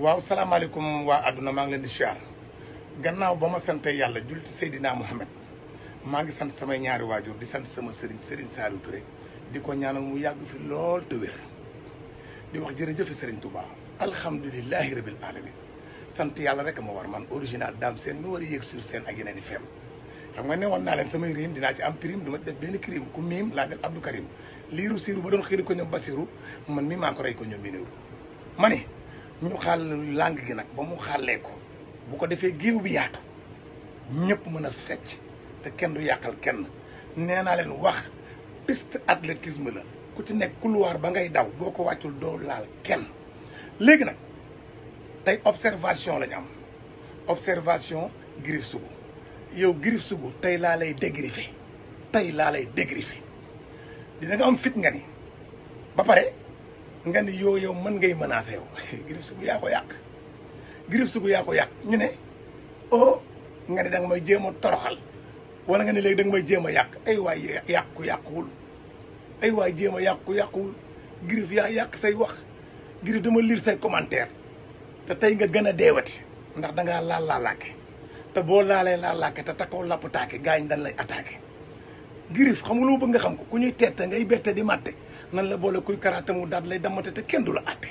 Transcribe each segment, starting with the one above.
waaw salaamaaleykum waa àdduna maa ngi leen di siyaar gannaaw ba ma sante yàlla jul ci Seydina Mohamed maa ngi sant sama ñaari waajur di sant sama sëriñ sëriñ Saliou Touré di ko ñaanal mu yàgg fi lool te wér di wax jërëjëf sëriñ Touba alhamdulilahi rabil alamin sant yàlla rek ma war man original daam seen mi war a yéeg sur scène ak yeneen i feem xam nga ne woon naa leen sama riim dinaa ci am prime du ma def benn crime ku miim laa def Abdou liiru siiru ba doon ko ñoom man mi maa rey ko ñoom mi néew ma ñu xàll langue gi nag ba mu xàllee ko bu ko defee géew bi yaatu ñëpp mën a fecc te kenn du yàqal kenn nee naa leen wax piste athlétisme la ku ci nekk couloir ba ngay daw boo ko wàccul doo laal kenn léegi nag tey observation lañu am observation Griff Sougou yow Griff Sougou tey laa lay dégriffer tey laa lay dégriffer dina nga am fit nga ni ba pare nga ni yow yow mën ngay menacé yow Griff Sougou yaa ko yàq Griff Sougou yaa ko yàq ñu ne oh nga ni da nga may jéem a toroxal wala nga ni léegi da nga may jéem a yàq ay waay yàq ku yàqu wul ay waay jéem a yàqu yàquwul Griff yaa yàq say wax Griff dama liir say commentaire te tey nga gën a deewati ndax dangaa laal laalaake te boo laalee laalaake te takkoo lapp taake gaañ dañ lay attaqué Griff xamuloo nga bëgg nga xam ko ku ñuy tette ngay bette di màtte nan la boole kuy karaate mu daat lay damate te kenn du la atte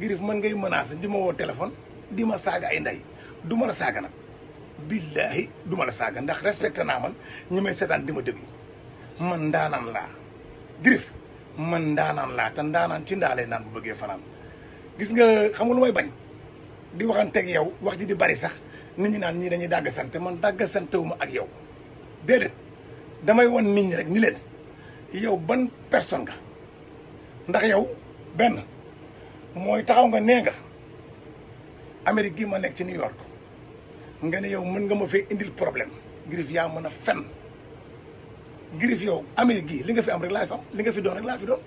Griff man ngay menacer di ma woo téléphone di ma saaga ay ndey du ma la saaga nag billaahi du ma la saaga ndax respecté naa man ñi may seetaan di ma déglu man ndaanaan laa Griff man ndaanaan laa te ndaanaan ci ndaa lay naan bu bëggee fanaan gis nga xam nga lu may bañ di waxanteeg yow wax ji di bari sax nit ñi naan ñii dañuy dàgg sante man dàgg sante wu ma ak yow déedéet damay wan nit ñi rek ni leen yow ban personne nga ndax yow benn mooy taxaw nga nee nga Amérique gii ma nekk ci New York nga ne yow mën nga ma fee indil problème Griff yaa mën a fen Griff yow Amérique gi li nga fi am rek laa fi am li nga fi doon rek laa fi doon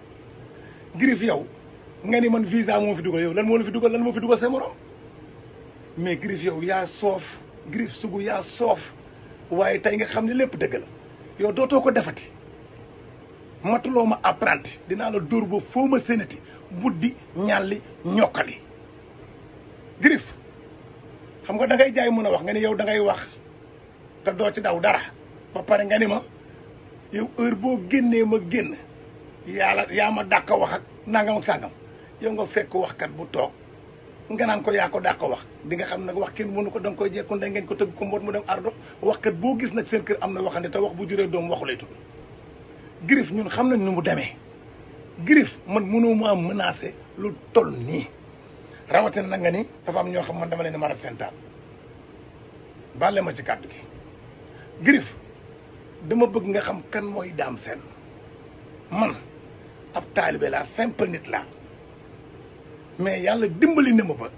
Griff yow nga ni man visa moo fi dugal yow lan moo la fi dugal lan moo fi dugal sa morom mais Griff yow yaa soof Griff sugu yaa soof waaye tey nga xam ne lépp dëgg la yow dootoo ko defati matuloo ma apprenti dinaa la dóor ba foo ma sénati buddi ñàlli ñokkali Griff xam nga da ngay jaay mën a wax nga ni yow da ngay wax te doo ci daw dara ba pare nga ni ma yaw heure boo génnee ma génn yàlla yaa ma dàq wax ak nangam ak sàngam yow nga fekk waxkat bu toog nga naan ko yaa ko dàq wax di xam nag wax kenn mënu ko da nga koy jekkoon da ngeen ko tëgg ko mboot mu dem ardo waxkat boo gis nag seen kër am na waxande te wax bu juree doom waxu lay Grif ñun xam nañ nu mu demee Grif man mënoo mu am lu toll nii rawatina na nga ni dafa am ñoo xam man dama leen mar a sentaan bàlle ma ci kàddu gi Grif dama bëgg nga xam kan mooy Dame Sène man ab taalibe laa simple nit laa mais yàlla dimbali ne ma ba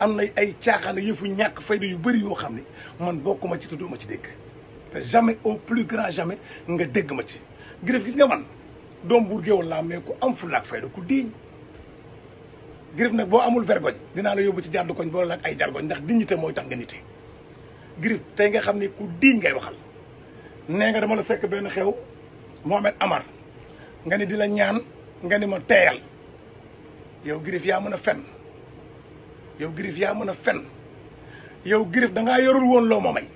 am na ay caaxaan yëfu ñàkk fayda yu bëri yoo xam ni man bokkuma ci tudduma ci dégg te jamais au plus grand jamais nga dégg ma ci Griff gis nga man doom buur géwal laa mais ku am fulaak fayda ku diiñ Griff nag boo amul vergogne dinaa la yóbbu ci jàddu koñ boole ak ay jargoñ ndax dignité mooy tax nga nite Griff tey nga xam ni ku diiñ ngay waxal nee nga dama la fekk benn xew Mohamed Amar nga ni di la ñaan nga ni ma teeyal yow Griff yaa mën a fen yow Griff mën a fen yow Griff dangaa yorul woon loo ma may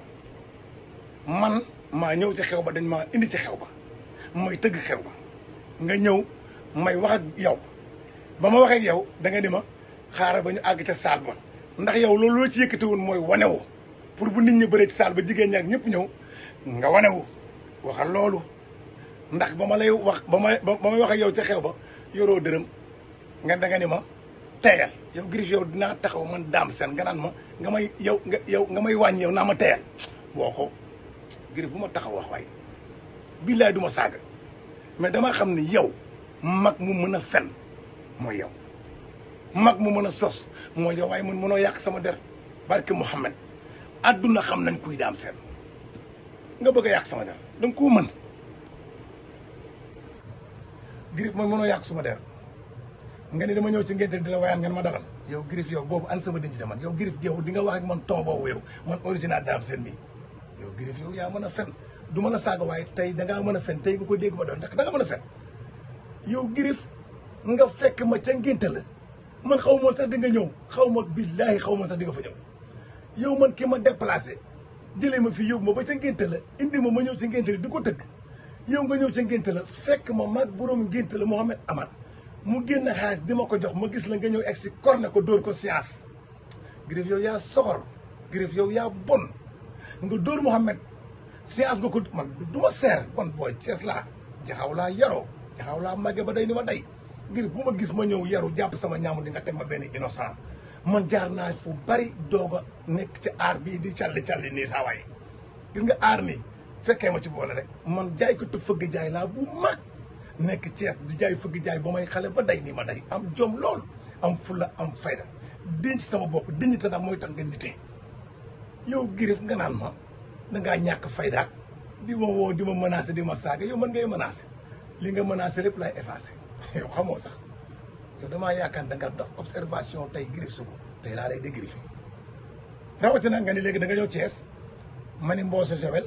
man maa ñëw ci xew ba dañ maa indi ci xew ba mooy tëgg xew ba nga ñëw may wax ak yow ba ma waxee ak yow da nga ni ma xaaral ba ñu àgg ca saal ba ndax yow loolu loo ci yëkkate woon mooy wane woo pour bu nit ñi bëree ci saal ba jigéen ñi ak ñëpp ñëw nga wanewu woo loolu ndax ba ma lay wax ba ma ba may wax ak yow ca xew ba yoroo dërëm nga da nga ni ma teyal yow Gris yow dinaa taxaw man daam seen nga naan ma nga may yow nga yow nga may wàññi yow naa ma teyal boo ko Gris bu ma taxaw wax waaye billaay du ma saaga mais dama xam ni yow mag mu mën a fen mooy yow mag mu mën a sos mooy yow waaye man mënoo yàq sama der barke Mouhamed adduna xam nañ kuy daam seen nga bëgg a yàq sama der danga koo mën Griff man mënoo yàq suma der nga ni dama ñëw ci ngénte di la wayaan ngeen ma dalal yow Griff yow boobu an sama denc man yow Griff yow di nga wax ak man ton boobu yow man original daam seen mi yow Griff yow yaa mën a fen du mën a saaga waaye tey dangaa mën a fen tey nga ko dégg ma doon ndax danga mën a fen yow Griff nga fekk ma ca ngénte la man xaw ma sax di nga ñëw xaw ma billaahi xaw ma sax di nga fa ñëw yow man ki ma déplacé jëlee ma fi yóbbu ma ba ca ngénte la indi ma ma ñëw ci ngénte di ko tëgg yow nga ñëw ca ngénte la fekk ma mag boroom ngénte la Mouhamed Amar mu génn xaalis di ma ko jox ma gis la nga ñëw egg si kor corne ko dóor ko science Griff yow yaa soxor girif yow yaa bon nga dóor Mouhamed séance nga ko man du ma seer man booy Cees laa jaxaw laa yaroo jaxaw laa màgge ba day ni ma day ngir bu ma gis ma ñëw yaru jàpp sama ñaamu ni nga tem ma benn innocent man jaar naa fu bari doog a nekk ci aar bii di calli calli nii saa waay gis nga aar nii fekkee ma ci boole rek man jaay ko tu fëgg jaay laa bu mag nekk Cees di jaay fëgg jaay ba may xale ba day nii ma day am jom lool am fulla am fayda denc sama bopp denc ta mooy tax nga nitee yow girif nga naan ma da ngaa ñàkk faydaak di ma woo di ma menacé di ma saaga yow mën ngay menacé li nga menacé lépp laay effacé yow xamoo sax yow damaa yaakaar da nga def observation tey griffe sugu tey laa lay dégriffe rawatina nga ni léegi da nga ñëw Thiès ma ni Mbossé Joël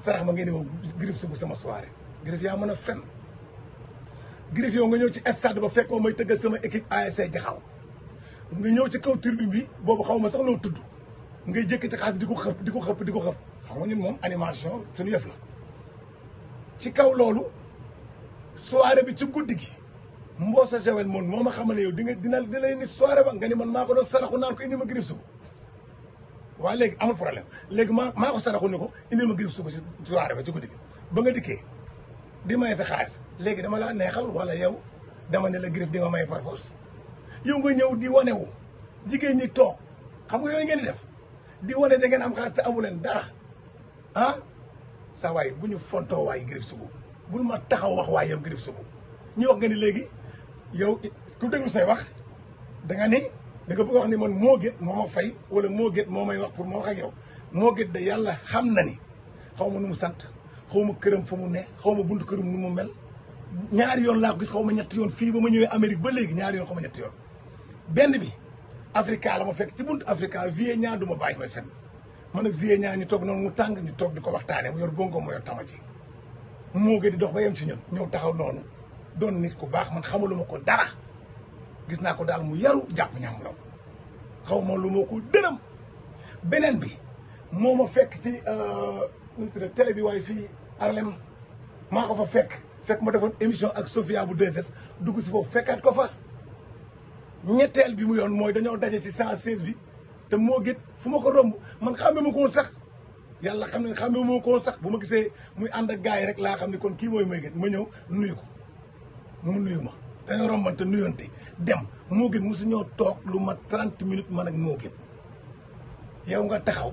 sarax ma ngeen di ma griffe sugu sama soirée griffe yaa mën a fen griffe yow nga ñëw ci stade ba fekk moom may tëggal sama équipe ASC Jaxaw nga ñëw ci kaw tribune bi boobu xaw ma sax loo tudd ngay jëkkati xaalis di ko xëpp di ko xëpp di ko xëpp xam nga ñun moom animation suñu yëf la ci kaw loolu soirée bi ci guddi gi mboosa Joal moom moo ma xamal ne yow di nga dina dina ni soirée ba nga ni man maa ko doon saraxu naan ko indi ma griffe su léegi amul problème léegi ko saraxu ma griffe su ko si soirée ba ci guddi gi ba nga dikkee di may sa xaalis léegi dama laa neexal wala yow dama ne la griffe di nga may par yow nga ñëw di wane jigéen ñi toog xam nga yooyu ngeen di def di wane da ngeen am xaalis te amu leen dara ah sa waay bu ñu fontoo waay Griff Sougou bul ma taxaw wax waay yow Griff Sougou ñu wax nga ni léegi yow ku déglu say wax da nga ni da bëgg wax ni man moo gét moo ma fay wala moo gét moo may wax pour ma wax ak yow moo gét da yàlla xam na ni xaw ma nu mu sant xaw ma këram fu mu ne xaw ma buntu këram nu mu mel ñaari yoon laa ko gis xaw ma ñett yoon fii ba ma ñëwee Amérique ba léegi ñaari yoon xaw ma ñetti yoon benn bi Africa la ma fekk ci buntu Africa vie ñaa du ma bàyyi ma fenn man ak vie ñaa ñu toog noonu mu tàng ñu toog di ko waxtaanee mu yor bongo mu yor tama ci moo gën di dox ba yem ci ñun ñëw taxaw noonu doon nit ku baax man ma ko dara gis naa ko daal mu yaru jàpp ñàmburam xaw ma lu ma ko dërëm beneen bi moo ma fekk ci euh, nu télé bi waaye fii Harlem maa ko fa fekk fekk ma defoon émission ak Sofia bu 2 dugg si foofu fekkaat ko fa. ñetteel bi mu yoon mooy dañoo daje ci 116 bi te moo gét fu ma ko romb man xàmme ma ko woon sax yàlla xam ne xàmme ma ko woon sax bu ma gisee muy ànd ak gars yi rek laa xam ne kon kii mooy mooy gét ma ñëw nuyu ko mu nuyu ma dañoo rombante nuyonte dem moo gét mosu ñoo toog lu mat 30 minutes man ak moo gét yow nga taxaw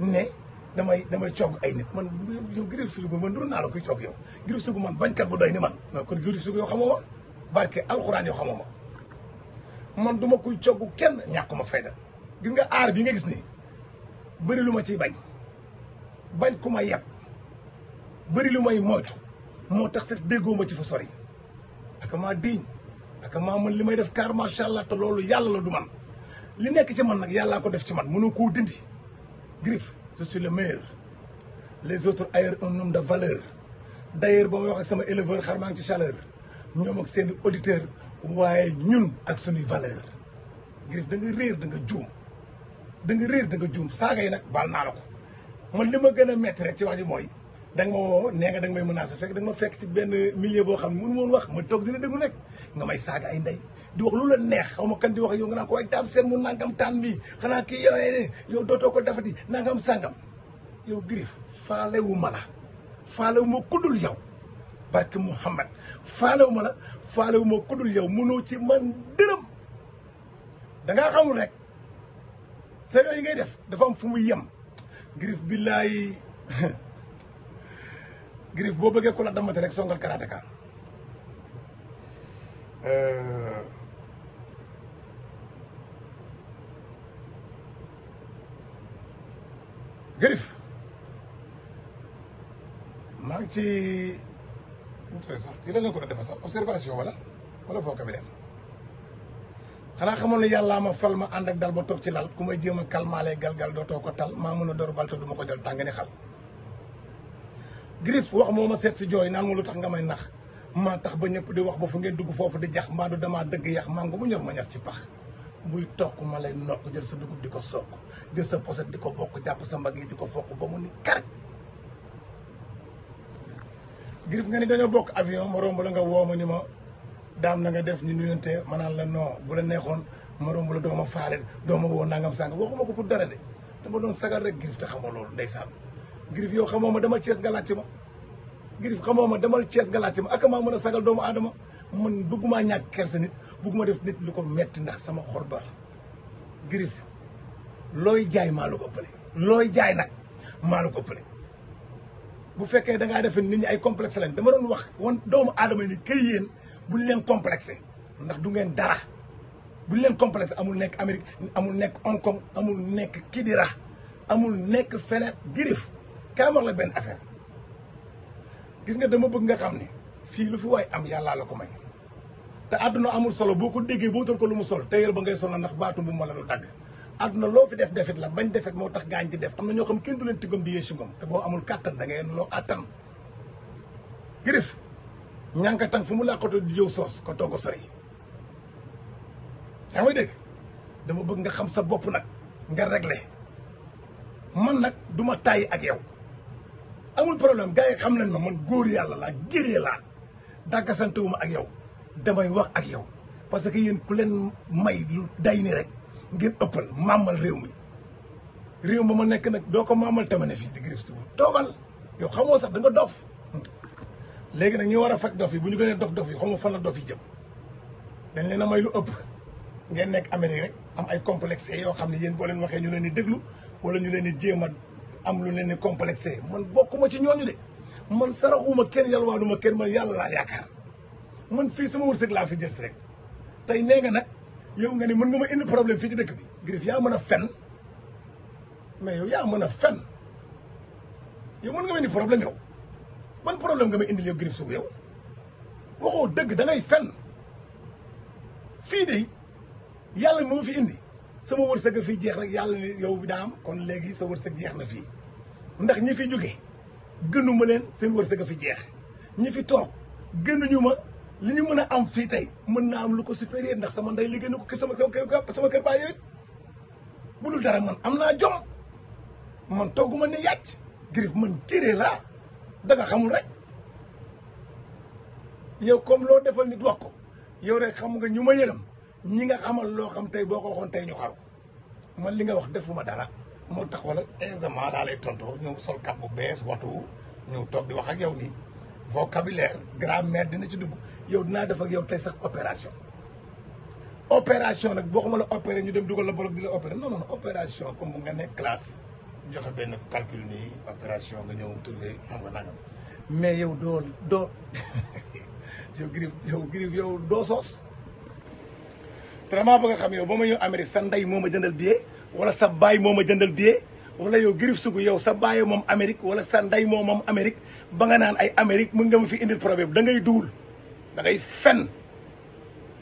ne damay damay cogg ay nit man yow Griff Sougou man ndur naa la koy cogg yow Griff Sougou man bañkat bu doy ni man. kon Griff Sougou yow xamoo ma barke alxuraan yow xamoo ma man duma ma koy coggu kenn ñàkkuma fayda gis nga aar bi nga gis ni bëri lu ma ciy bañ bañ ku ma yeb bëri lu may moytu moo tax sax déggoo ma ci fa sori ak maa diiñ ak maa li may def car macha te loolu yàlla la du man li nekk ci man nag yàllaa ko def ci man mënoo koo dindi Griff je suis le meilleur les autres ailleurs un homme de valeur d'ailleurs ba may wax ak sama éleveur xar maa ngi ci chaleur ñoom ak seeni auditeur waaye ñun ak suñuy valeur Griff da nga réer da nga juum da nga réer da nga juum saaga yi nag baal naa la ko man li ma gën a metti rek ci wax ji mooy da nga ma woo nee may menacé fekk da nga ma fekk ci benn milieu boo xam ne mënu woon wax ma toog dina déglu rek nga may saaga ay ndey di wax lu la neex xaw ma kan di wax yow nga naan ko waaye daam seen mu nangam taan mii xanaa kii yow yow dootoo ko defati nangam sangam yow Griff faalewu ma la faalewu ma kuddul yow barke Mouhamad faalewu ma la faalewu ma ku dul yow mënoo ci man dërëm da ngaa xamul rek sa ngay def dafa am fu muy yem Griff billaay Griff boo bëggee ku damate rek songal karateka euh, Griff maa ngi ci mu tuddee sax yéen la ko doon defal wala foo ko bi dem xanaa xamoon yàllaa ma fal ma ànd dal ba toog ci ku may jéem a kalmaale galgal dootoo ko tal maa a dor balta du ma ko jël tàng ni xal Griff wax ma seet si jooy naan lu tax nga may nax maa tax ba ñëpp di wax ba fu ngeen dugg foofu di jax mbaa du damaa dëgg yax mango mu ma ñor ci pax buy toog ma lay nokk jël sa dugub di ko sook jël sa poset di ko bokk jàpp sa mbag yi di ko fokk ba mu ni kar Griff nga ni dañoo bokk avion ma romb la nga woo ma ni ma daam na nga def ni nuyonte ma naan la noo bu la neexoon ma romb la doomu dooma faale dooma woo nangam sàng waxuma ko pour dara de dama doon sagal rek Griff te xamoo loolu ndeysaan Griff yow xamoo ma dama cees nga laajte ma Griff xamoo ma dama cees nga ma ak maa mën a sagal doomu aadama man bëggumaa ñaak kersa nit bëgguma def nit lu ko metti ndax sama xol ba Griff looy jaay maa lu ko ëppale looy jaay nag maa la ko ëppale bu fekkee dangaa ngaa defe nit ñi ay complexe lañ dama doon wax wan doomu aadama ni kay yéen buñ leen complexé ndax du ngeen dara buñ leen complexé amul nekk Amérique amul nekk Hong Kong amul nekk Kidira amul nekk feneen girif kaa ma la benn affaire gis nga dama bëgg nga xam ni fii lu fi waay am yàllaa la ko may te àdduna amul solo boo ko déggee boo tal ko lu mu sol te yël ba ngay solo ndax baatu bu ma la du dagg àdduna loo fi def defit la bañ defet moo tax gaañ di def am na ñoo xam kenn du leen tingom di yee si te boo amul kàttan da ngay loo àttan girif ñànkatan fu mu làqatoo di jëw soos ko togg sori yaa may dégg dama bëgg nga xam sa bopp nag nga réglé man nag du ma tàyyi ak yow amul problème gars yi xam nañ ma man góor yàlla laa géree laa dàggasante wu ma ak yow damay wax ak yow parce que yéen ku leen may lu day ni rek ngeen ëppal màmmal réew mi réew ma ma nekk nag doo ko màmmal tamane fii di Griff si wu toogal yow xamoo sax da nga dof léegi nag ñu war a faj dof yi bu ñu gënee dof dof yi xaw ma fan la dof yi jëm dañ leen a may lu ëpp ngeen nekk Amérique rek am ay complexe yoo xam ne yéen boo leen waxee ñu leen di déglu wala ñu leen di jéem a am lu leen di complexé man bokkuma ci ñooñu de man saraxuma kenn yalwaanuma kenn man yàlla laa yaakaar man fii sama wërsëg laa fi jës rek tey nee nag. yow nga ni mën nga ma indi problème fii ci dëkk bi Griff yaa mën a fen mais yow yaa mën a fen yow mën nga ma indi problème yow man problème nga ma indil yow Griff Sougou yow waxoo dëgg da fen fii de yàlla moo fi indi sama wërsëg a fii jeex rek yàlla ni yow bi daa am kon léegi sa wërsëg jeex na fii ndax ñi fi jóge gënuma leen seen wërsëg a fi jeex ñi fi toog gënuñu ma li ñu mën a am fii tey mën naa am lu ko supérieur ndax sama ndey liggéey na ko sama kër sama kër baa yewit bu dul dara man am naa jom man togguma ne yàcc Griff man kéré laa danga xamul rek yow comme loo defal nit wax ko yow rek xam nga ñu ma yërëm ñi nga xamal loo xam tey boo ko waxoon tey ñu xaru man li nga wax defuma dara moo tax wala aisément daa lay tontoo ñëw sol kab bu bees waxtu ñëw toog di wax ak yow nii vocabulaire grammaire dina ci dugg yow dinaa def ak yow tey sax opération opération nag boo xamala opéré ñu dem dugal la bolog dina la opéré non non opération comme nga nekk classe joxe benn calcul nii opération nga ñëw trouvé xam nga nangam mais yow doo doo yow Griff yow Griff yow doo soos te damaa a xam yow sa ndey moo ma jëndal billet wala sa baay moo ma jëndal billet wala yow Griff Sougou yow sa baay moom Amérique wala sa ndey moo moom Amérique ba nga naan ay Amérique mën nga ma fi indil problème da ngay duul da ngay fen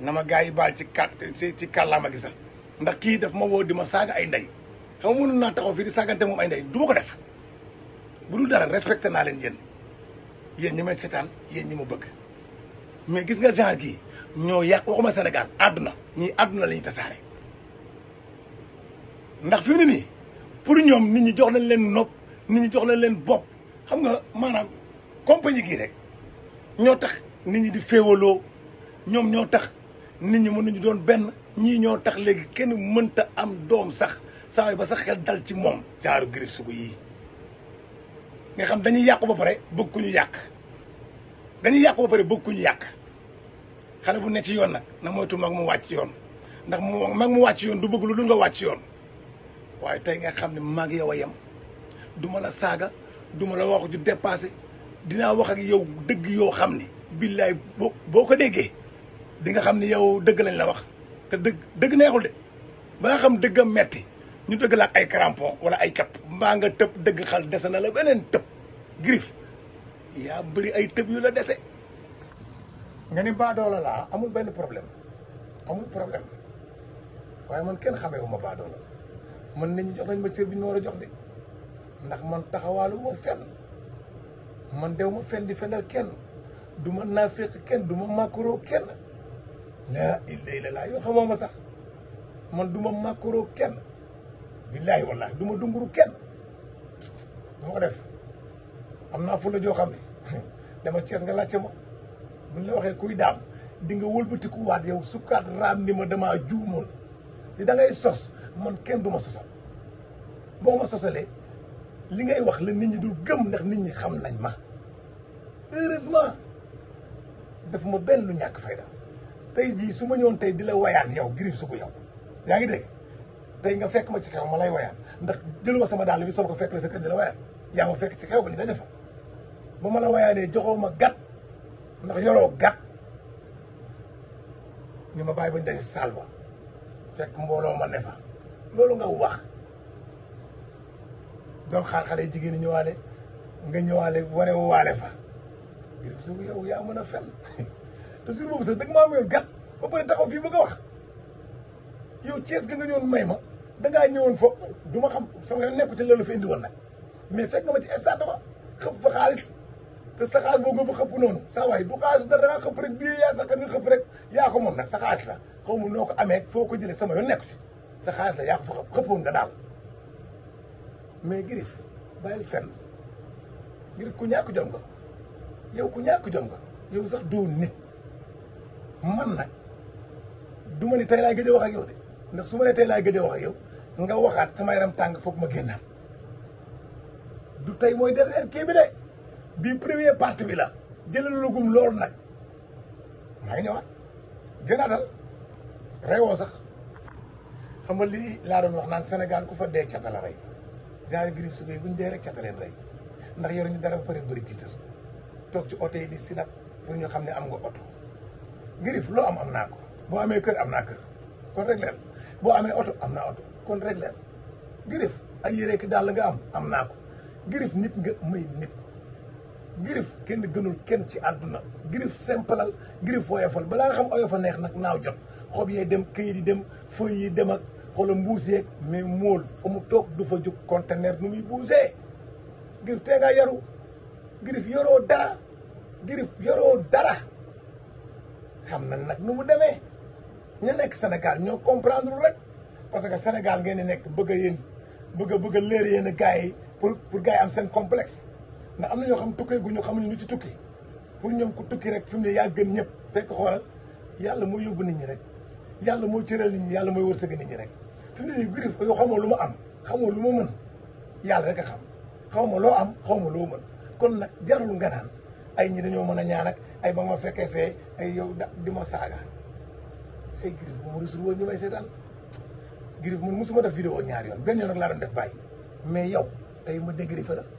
na ma gaa yi baal ci kat ci kàllaama gi sax ndax kii daf ma woo di ma saaga ay ndey xam mënul naa taxaw fii di saagante moom ay ndey du ma ko def bu dul dara respecté naa leen yéen yéen ñi may seetaan yéen ñi ma bëgg mais gis nga genre gi ñoo yàq waxuma Sénégal àdduna ñii àdduna la ñuy tasaare ndax fi mu nii pour ñoom nit ñi jox nañ leen nopp nit ñi jox nañ leen bopp xam nga maanaam compagnie gii rek ñoo tax nit ñi di féewaloo ñoom ñoo tax nit ñi mënuñu doon benn ñii ñoo tax léegi kenn mënta am doom sax saa yu ba sax xel dal ci moom jaaro girif sugu yi nga xam dañuy yàqu ba pare bëgg ku ñu yàq dañuy yàqu ba pare bëgg ku ñu yàq xale bu nekk ci yoon nag na moytu mag mu wàcc yoon ndax mu mag mu wàcc yoon du bëgg lu dul nga wàcc yoon waaye tey nga xam ne mag yow a yem du ma la saaga duma ma la wax ju dépassé dinaa wax ak yow dëgg yoo xam ni billaay boo boo ko déggee di nga xam ne yow dëgg lañ la wax te dëgg dëgg neexul de ba nga xam dëggam metti ñu dëgg la ay crampon wala ay cap mbaa nga tëb dëgg xal dese na la beneen tëb griffe yaa bëri ay tëb yu la dese nga ni baadoola laa amul benn problème amul problème waaye man kenn xamee wu ma baadoola man nit ñi jox nañ ma cër bi ñu war a jox de ndax man taxawaalu ma fenn man dew ma fenn di fenal kenn du ma naafeq kenn du ma makaro kenn laa ilaaha illallaah yoo xamoo ma sax man du ma makaro kenn billaahi wallaahi du ma dunguru kenn dama ko def am naa fula joo xam ne dama cees nga laajte ma buñ la waxee kuy daam di nga wëlbatiku waat yow sukkaat raam ni ma damaa juumoon di da sos man kenn du ma sosal boo ma sosalee li ngay wax la nit ñi dul gëm ndax nit ñi xam nañ ma heureusement dafa ma benn lu ñàkk fayda tey jii su ma ñëwoon tey di la wayaan yow Griff Sougou yow yaa ngi dégg tey nga fekk ma ci xew ma lay wayaan ndax jëluma sama dàll bi sol ko fekk la sa kër di la wayaan yaa ma fekk ci xew ba ni daje fa ba ma la wayaanee joxoo ma gat ndax yoroo gat ñu ma bàyyi bañ daje saal ba fekk mbooloo ma ne fa loolu nga wax doon xaar xale jigéen ñi ñëwaale nga ñëwaale warewu waale fa Birame Souleye yow yaa mën a fen te jour boobu sax dëgg maa mayoon ba pare taxaw fii bëgg a wax yow nga ñëwoon may ma dangaa ñëwoon fo du ma xam sama yoon nekku ci la fa indi woon nag mais fekk nga ma ci stade ma xëpp fa xaalis te sa xaalis boobu nga fa xëpp noonu saa waay du xaalis rek yaa ko moom nag sa xaalis la xaw ma noo ko amee foo ko jëlee sama yoon nekku ci sa xaalis la yaa ko fa xëpp xëppoon nga daal mais Griff bàyyil fenn Griff ku ñàkk jom nga yow ku ñàkk jom nga yow sax doo nit man nag du ma ni tey laa gëj a wax ak yow de ndax su ma nee tey laa gëj a wax ak yow nga waxaat sama yaram tàng foog ma génnaat du tey mooy dernier kii bi de bii premier partie bi la jëlal lugum loolu nag maa ngi ñëwaat gënaatal rewoo sax xam nga lii laa doon wax naan Sénégal ku fa dee catala rey genre gris su bu ñu dee rek cataleen rey ndax yoruñu dara ba pare bëri tiitar toog ci oto yi di sinap pour ñu xam ne am nga oto ngirif loo am am naa ko boo amee kër am naa kër kon rek boo amee oto am naa oto kon rek leen ngirif ay yére ki daal la nga am am naa ko ngirif nit nga may nit ngirif kenn gënul kenn ci àdduna ngirif simplal ngirif woyofal balaa nga xam oyofa neex nag naaw jot xob yee dem këyit yi dem feuilles yi dem ak xoola mbuus yeeg mais mool fa mu toog du fa jóg conteneur nu muy buusee ngirif tee ngaa yaru ngirif yoroo dara girif yoroo dara xam na nag nu mu demee ñu nekk Sénégal ñoo comprendre rek parce que Sénégal ngeen di nekk bëgg a yéen bëgg a bëgg a leer yéen gars yi pour pour gars am seen complexe ndax am na ñoo xam tukkee gu ñu xamuñ lu ci tukki pour ñoom ku tukki rek fi mu ne yaa gën ñëpp fekk xoolal yàlla mooy yóbbu nit ñi rek yàlla mooy cëral nit ñi yàlla mooy wërsëg nit ñi rek fi mu ne nii girif yoo xamoo lu ma am xamoo lu ma mën yàlla rek a xam xaw ma loo am xaw ma loo mën kon nag jarul nga ay ñi dañoo mën a ñaan ak ay ba ma fekkee fee ay yow da di ma saaga ay Griff moom rusul woon ñu may seetaan Griff man mosuma def vidéo ñaar yoon benn yoon nag laa doon def mais yow ay ma dégg fa